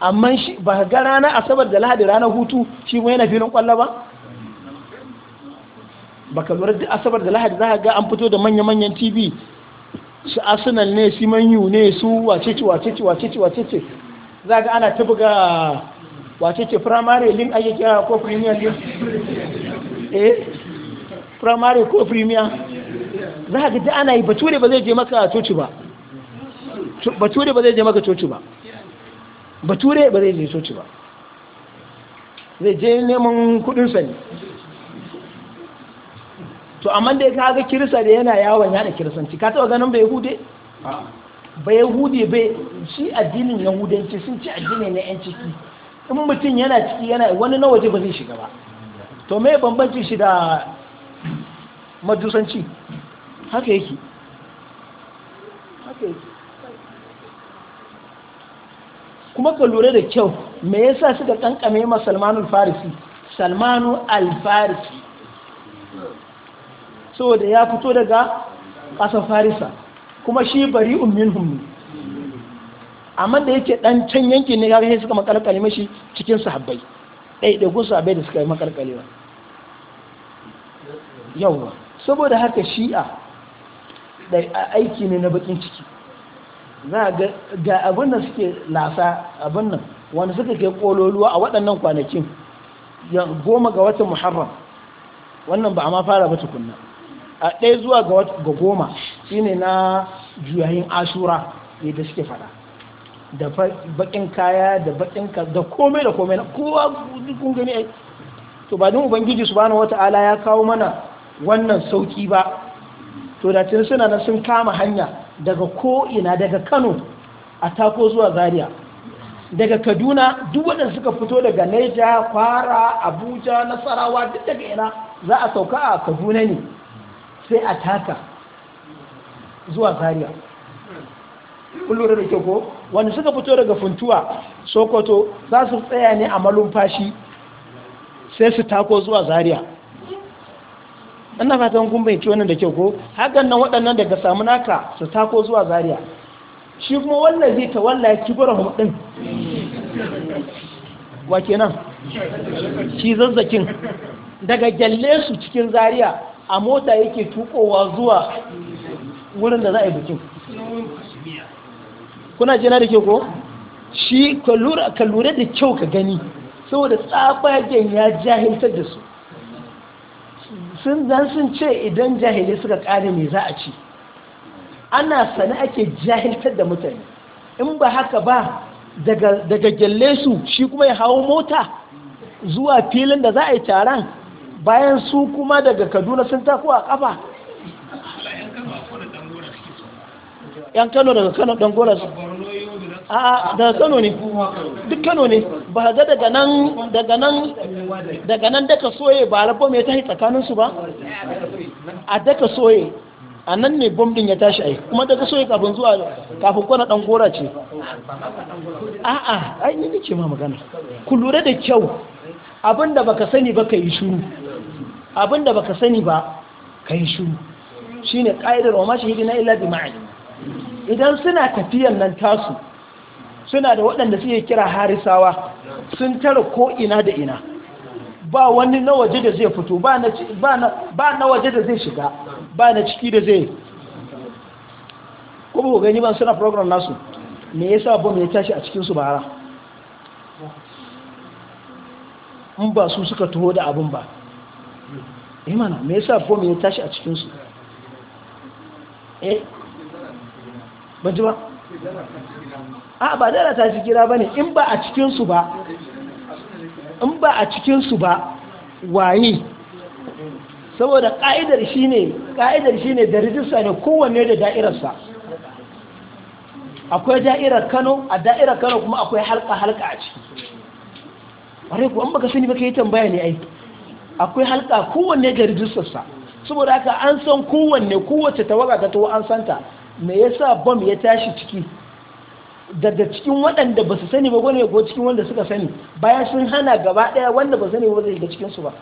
amma shi ba ga rana asabar da lahadi ranar hutu shi kuma yana filin kwallo ba baka lura da asabar da lahadi za ga an fito da manya-manyan tv su arsenal ne su manyu ne su wacece wacece wacece wacece za ga ana ta buga wacece primary link ake kira ko premier link eh primary ko premier za ga da ana yi bature ba zai je maka coci ba bature ba zai je maka coci ba bature ba zai je coci ba zai je neman kudin sani to amma dai ka ga kirista da yana yawon yada kiristanci ka taba ganin bai hude ba yahude bai shi addinin yahudanci sun ci addini na yan ciki in mutum yana ciki yana wani na waje ba zai shiga ba to me bambanci shi da majusanci haka yake haka yake kuma ka lura da kyau me yasa suka kankame ma salmanu farisi salmanu alfarisi saboda ya fito daga ƙasar farisa kuma shi bari ummin hunmi amma da yake dan can yankin ne kaga sai suka makalkale mashi cikin sahabbai ɗai da gusa bai da suka yi makalkalewa ba saboda haka shi'a da aiki ne na bakin ciki za ga abin da suke lasa abin nan wanda suka ke kololuwa a waɗannan kwanakin goma ga watan muharram wannan ba a ma fara ba tukunna a ɗaya zuwa ga goma shine na juyayin ashura da suke fada da bakin kaya da bakin da komai da komai na kowa kun gani ai to ba don ubangiji subhanahu wata'ala ya kawo mana wannan sauki ba to da tun suna na sun kama hanya daga ko ina daga Kano a tako zuwa Zaria daga Kaduna duk waɗanda suka fito daga Niger, Kwara, Abuja, Nasarawa duk daga ina za a sauka a Kaduna ne sai a taka zuwa zariya kullum da ke ko wani suka fito daga funtuwa sokoto za su tsaya ne a malumfashi sai su tako zuwa zariya ina fatan kun bai wannan da ke ko hakan nan waɗannan daga samu naka su tako zuwa zariya shi kuma wannan zai ta walla ya kibura hudun wa kenan shi zazzakin daga gyalle su cikin zariya a mota yake tukowa zuwa wurin da za a yi bikin kuna jina da ke ko shi ka lura da kyau ka gani saboda tsabagen ya jahiltar da su sun zan sun ce idan jahilai suka kare mai za a ci ana sani ake jahiltar da mutane in ba haka ba daga gyalle su shi kuma ya hawo mota zuwa filin da za a yi taron bayan su kuma daga kaduna sun tako a kafa yan kano daga kano dan goras a daga kano ne duk kano ne ba ga daga nan daga nan daga nan daga soye ba rabo mai tashi tsakanin su ba a daga soye a nan ne bom ya tashi ai kuma daga soye kafin zuwa kafin kwana dan gora ce a'a ai ni ce ma magana ku lura da kyau abinda baka sani baka yi shuru Abin da baka sani ba ka yi shuru shi ne ƙa'idar wa mashi hidina illa bi ma'ani idan suna tafiyan nan tasu suna da waɗanda suke kira harisawa sun tara ko ina da ina ba wani na waje da zai fito ba na waje da zai shiga ba na ciki da zai kuma ku gani ban suna program nasu me yasa ba ya tashi a cikin cikinsu bara in ba su suka taho da abin ba imana eh me yasa fom ya tashi a cikinsu? eh banji ba a ba dara ta ci kira bane in ba a cikinsu ba in ba a cikinsu ba waye saboda ka'idar shine ka'idar ne da rijista ne kowanne da da'irarsa akwai da'irar Kano a da'irar Kano kuma akwai halka halka a ciki ware ku an baka sani baka yi tambaya ne aiki. akwai halka kowanne ga rijistarsa saboda haka an san kowanne kowace tawaga ta tawo an santa me yasa bom ya tashi ciki daga cikin waɗanda ba su sani ba wani ya cikin wanda suka sani bayan sun hana gaba ɗaya wanda ba sani ba zai cikinsu ba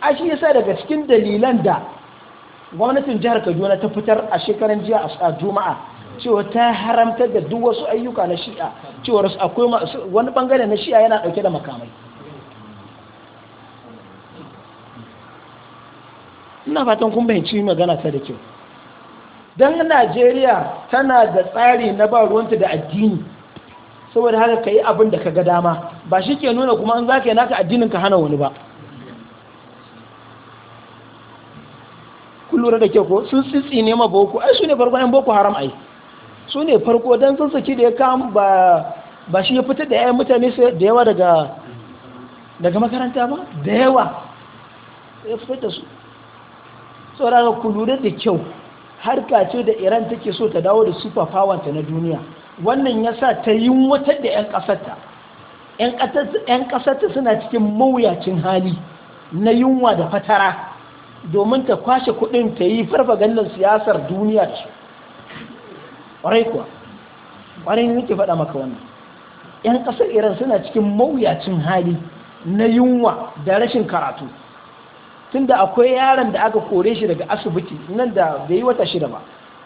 a shi yasa daga cikin dalilan da gwamnatin jihar kaduna ta fitar a shekaran jiya a juma'a cewa ta haramta da duk wasu ayyuka na shi'a cewa akwai wani bangare na shi'a yana ɗauke da makamai ina fatan kun bayanci magana ta da kyau don najeriya tana da tsari na ba ruwanta da addini saboda haka ka yi abin da ka ga dama ba shi ke nuna kuma an za ka yi naka addinin ka hana wani ba kun lura da kyau ko sun tsitsi ne ma boko ai su ne farko yan boko haram ai su ne farko don sun saki da ya kam ba ba shi ya fitar da yayan mutane da yawa daga daga makaranta ba da yawa ya fitar da su Tsoron ku lura da kyau harka ce da iran take so ta dawo da super power ta na duniya wannan ya sa ta yi wata da 'yan kasarta 'yan kasarta suna cikin mawuyacin hali na yunwa da fatara domin ta kwashe kudin ta yi farfagandar siyasar duniya ce ƙwarai kuwa ƙwarai nake faɗa maka wannan 'yan ƙasar iran suna cikin mawuyacin hali na yunwa da rashin karatu tun da akwai yaron da aka kore shi daga asibiti nan da bai yi wata shida ba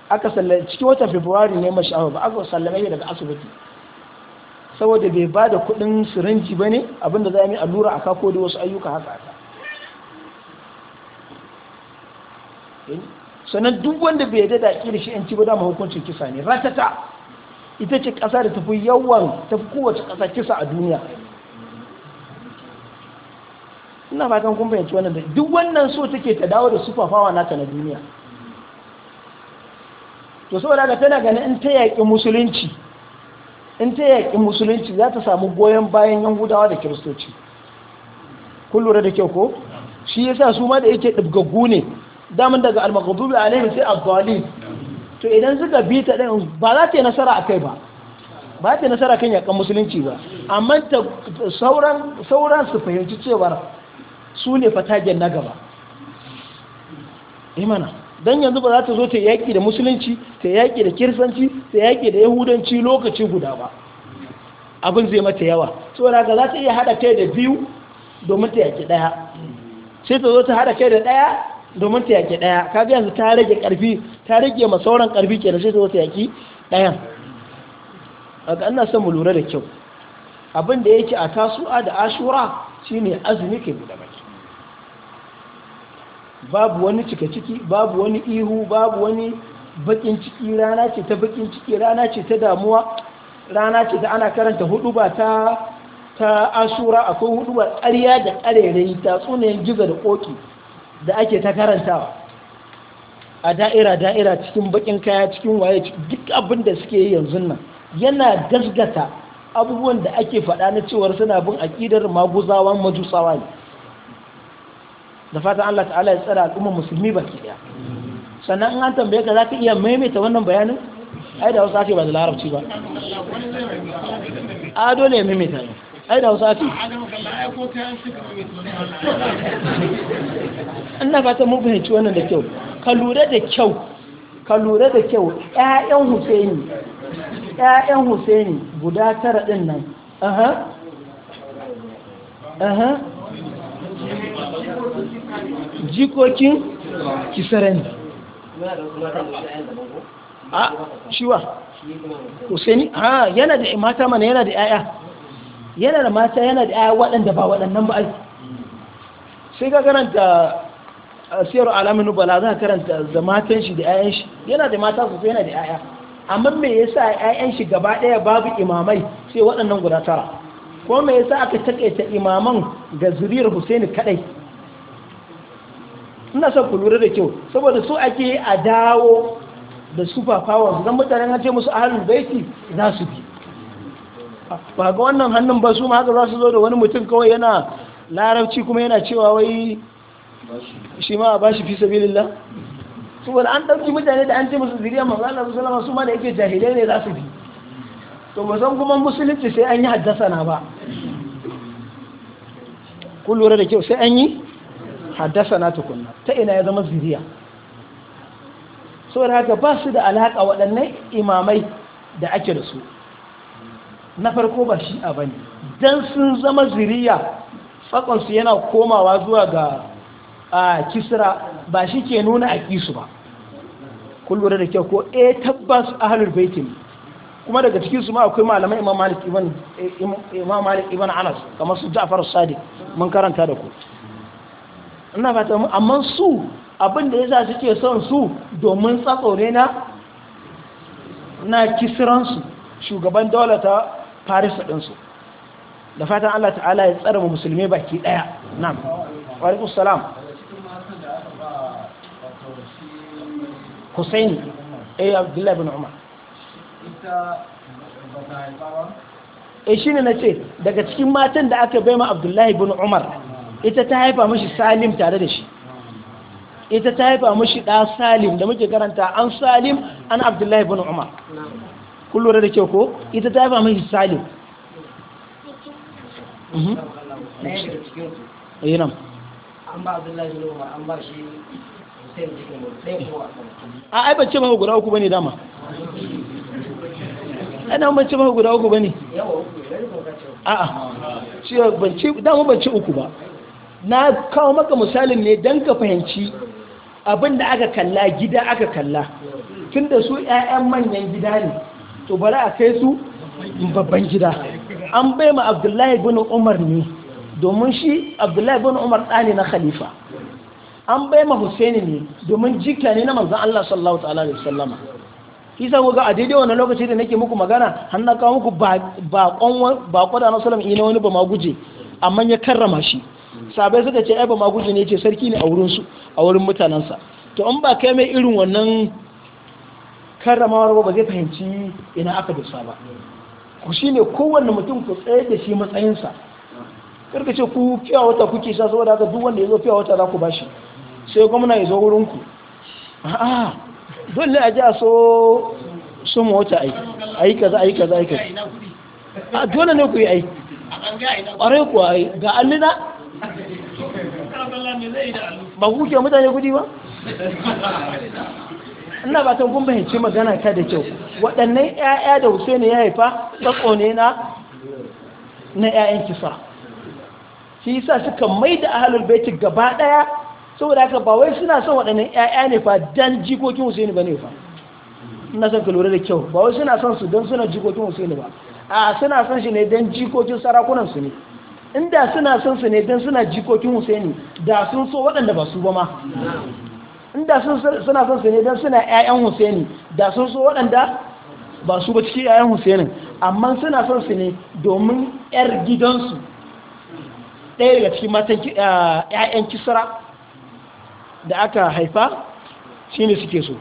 aka sallame cikin watan february ne mashi awa ba aka sallame shi daga asibiti saboda bai ba da kudin sirinji ba ne abinda za a yi allura a kako da wasu ayyuka haka haka sannan duk wanda bai yadda da kiri shi yanci ba dama hukuncin kisa ne ratata ita ce ƙasa da tafi yawan tafi kowace ƙasa kisa a duniya ina fatan kun fahimci wannan da duk wannan so take ta dawo da sufafawa nata na duniya to saboda ga tana ganin in ta yaƙi musulunci in ta yaƙi musulunci za ta samu goyon bayan yahudawa da kiristoci kun da kyau ko shi yasa su ma da yake ɗibgaggu ne damun daga almakadubi alaihi sai abdali to idan suka bi ta ɗin ba za ta yi nasara a kai ba ba ta yi nasara kan yaƙan musulunci ba amma sauran su fahimci cewar su ne fatagen na gaba imana eh don yanzu ba za ta zo ta yaƙi da musulunci ta yaƙi da kirsanci ta yaƙi da yahudanci lokaci guda ba abin zai mata yawa na ga za ta iya haɗa kai da biyu domin ta yaƙi ɗaya sai ta zo ta haɗa kai da ɗaya domin ta yaƙi ɗaya Ka kaga yanzu ta rage ƙarfi ta rage ma sauran ƙarfi ke da sai ta zo ta yaƙi ɗayan a ina son mu lura da kyau abin da yake a tasu'a da ashura shine azumi ke guda babu wani cika ciki babu wani ihu babu wani bakin ciki rana ce ta bakin ciki rana ce ta damuwa rana ce ta ana karanta hudu ba ta ta asura akwai hudu ba ƙarya da ƙarerai ta tsunayen gizo da ƙoƙi da ake ta karantawa a da'ira da'ira cikin bakin kaya cikin waye duk abin da suke yi yanzu nan yana gasgata abubuwan da ake faɗa na cewar suna bin aƙidar maguzawan majusawa ne da fatan Allah ta'ala ya tsara al'umma musulmi baki daya sannan an tambaye ka zaka iya maimaita wannan bayanin ai da Hausa ce ba da Larabci ba a dole ya maimaita ne ai da Hausa ce ina fata mun fahimci wannan da kyau ka lura da kyau ka lura da kyau ƴaƴan Husaini ƴaƴan Husaini guda tara din nan aha aha jikokin kisara ne a shiwa husaini ha yana da mata mana yana da yaya yana da mata yana da yaya waɗanda ba waɗannan ba ai sai ka karanta siyar alamin bala za ka karanta da matan shi da yayan shi yana da mata sai yana da yaya amma me yasa yayan shi gaba ɗaya babu imamai sai waɗannan guda tara ko me yasa aka takaita imaman ga zuriyar husaini kadai suna son ku da kyau saboda su ake a dawo da super powers don mutanen ce musu ahalul baiti za su bi ba ga wannan hannun ba su ma haka za su zo da wani mutum kawai yana larabci kuma yana cewa wai shi ma ba shi fi sabilillah saboda an ɗauki mutane da an ce musu zuriya mazala su salama su ma da yake jahilai ne za su bi to ba san kuma musulunci sai an yi haddasa na ba kun lura da kyau sai an yi na tukunna ta ina ya zama ziriya saboda haka ba su da alaƙa waɗannan imamai da ake da su na farko ba shi a bane don sun zama ziriya tsakonsu yana komawa zuwa ga kisira ba shi ke nuna a kisu ba kullum da kyau ko e tabbas a halin baitin kuma daga cikin su ma akwai malamai imam malik ibn anas kamar su ja'far sadiq mun karanta da ku ina fata mu amma su abin da yasa suke son su domin tsatsore na na kisiransu shugaban dole ta Paris din su da fatan Allah ta'ala ya tsara mu musulmi baki daya na'am wa alaikum salam Hussein eh Abdullahi bin Umar eh shine nace daga cikin matan da aka bai ma Abdullahi bin Umar ita ta haifa mashi salim tare da shi ita ta haifa mashi ɗa salim da muke karanta an salim an abdullahi bin umar kullum da kyau ko ita ta haifa mashi salim mhm. a ai bacce mahu guda uku bane dama ana bacce mahu guda uku bane a'a dama bacce uku ba na kawo maka misalin ne don ka fahimci abin da aka kalla gida aka kalla tun da su 'ya'yan manyan gida ne to bari a kai su babban gida an bai ma abdullahi bin umar ne domin shi abdullahi bin umar ɗani na khalifa an bai ma husaini ne domin jika ne na manzan allah sallallahu ta'ala da sallama isa ga a daidai wani lokaci da nake muku magana har na kawo muku bakon da na salam ina wani ba ma guje amma ya karrama shi sabai suka ce ba ma ne ce sarki ne a wurinsu a wurin mutanansa to an ba kai mai irin wannan karramawar ba zai fahimci ina aka dusa ba ku shi ne kowane mutum ku tsaye da shi matsayinsa karka ce ku fiya wata kuke sha saboda haka duk wanda ya zo fiya wata za ku bashi sai gwamna ya zo wurin ku a'a dole a ji a so mu wata ai ai kaza ai kaza kaza a dole ne ku yi A ƙwarai kuwa ga allina ba kuke mutane gudi ba ina ba ta kun fahimci magana ta da kyau waɗannan 'ya'ya da husaini ya haifa tsako ne na na 'ya'yan kisa shi sa suka mai da ahalul baitin gaba ɗaya saboda haka ba wai suna son waɗannan 'ya'ya ne fa don jikokin husaini ba ne fa ina son ka lura da kyau ba wai suna son su don suna jikokin husaini ba a suna son shi ne don jikokin sarakunan su ne inda suna son su ne don suna jikokin husaini da sun so waɗanda ba su ba ma inda suna son su ne don suna 'ya'yan husaini da sun so waɗanda ba su ba cikin 'ya'yan husainin amma suna son su ne domin 'yar gidansu ɗaya daga cikin matan 'ya'yan ah, kisra da aka haifa shi ne suke so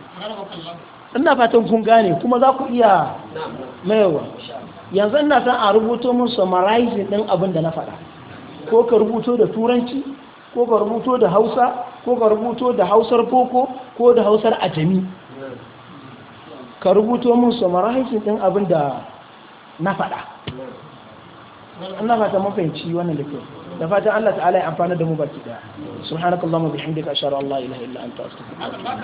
ina fatan kun gane kuma za ku iya mayarwa yanzu ina san a rubuto mun summarize din abin da na faɗa ko ka rubuto da turanci ko ka rubuto da hausa ko ka rubuto da hausar boko ko da hausar ajami ka rubuto mun summarize din abin da na faɗa ina fata fahimci wannan da ke. da fatan Allah ta'ala ya amfana da mu baki daya subhanakallahumma bihamdika ashhadu an la ilaha illa anta astaghfiruka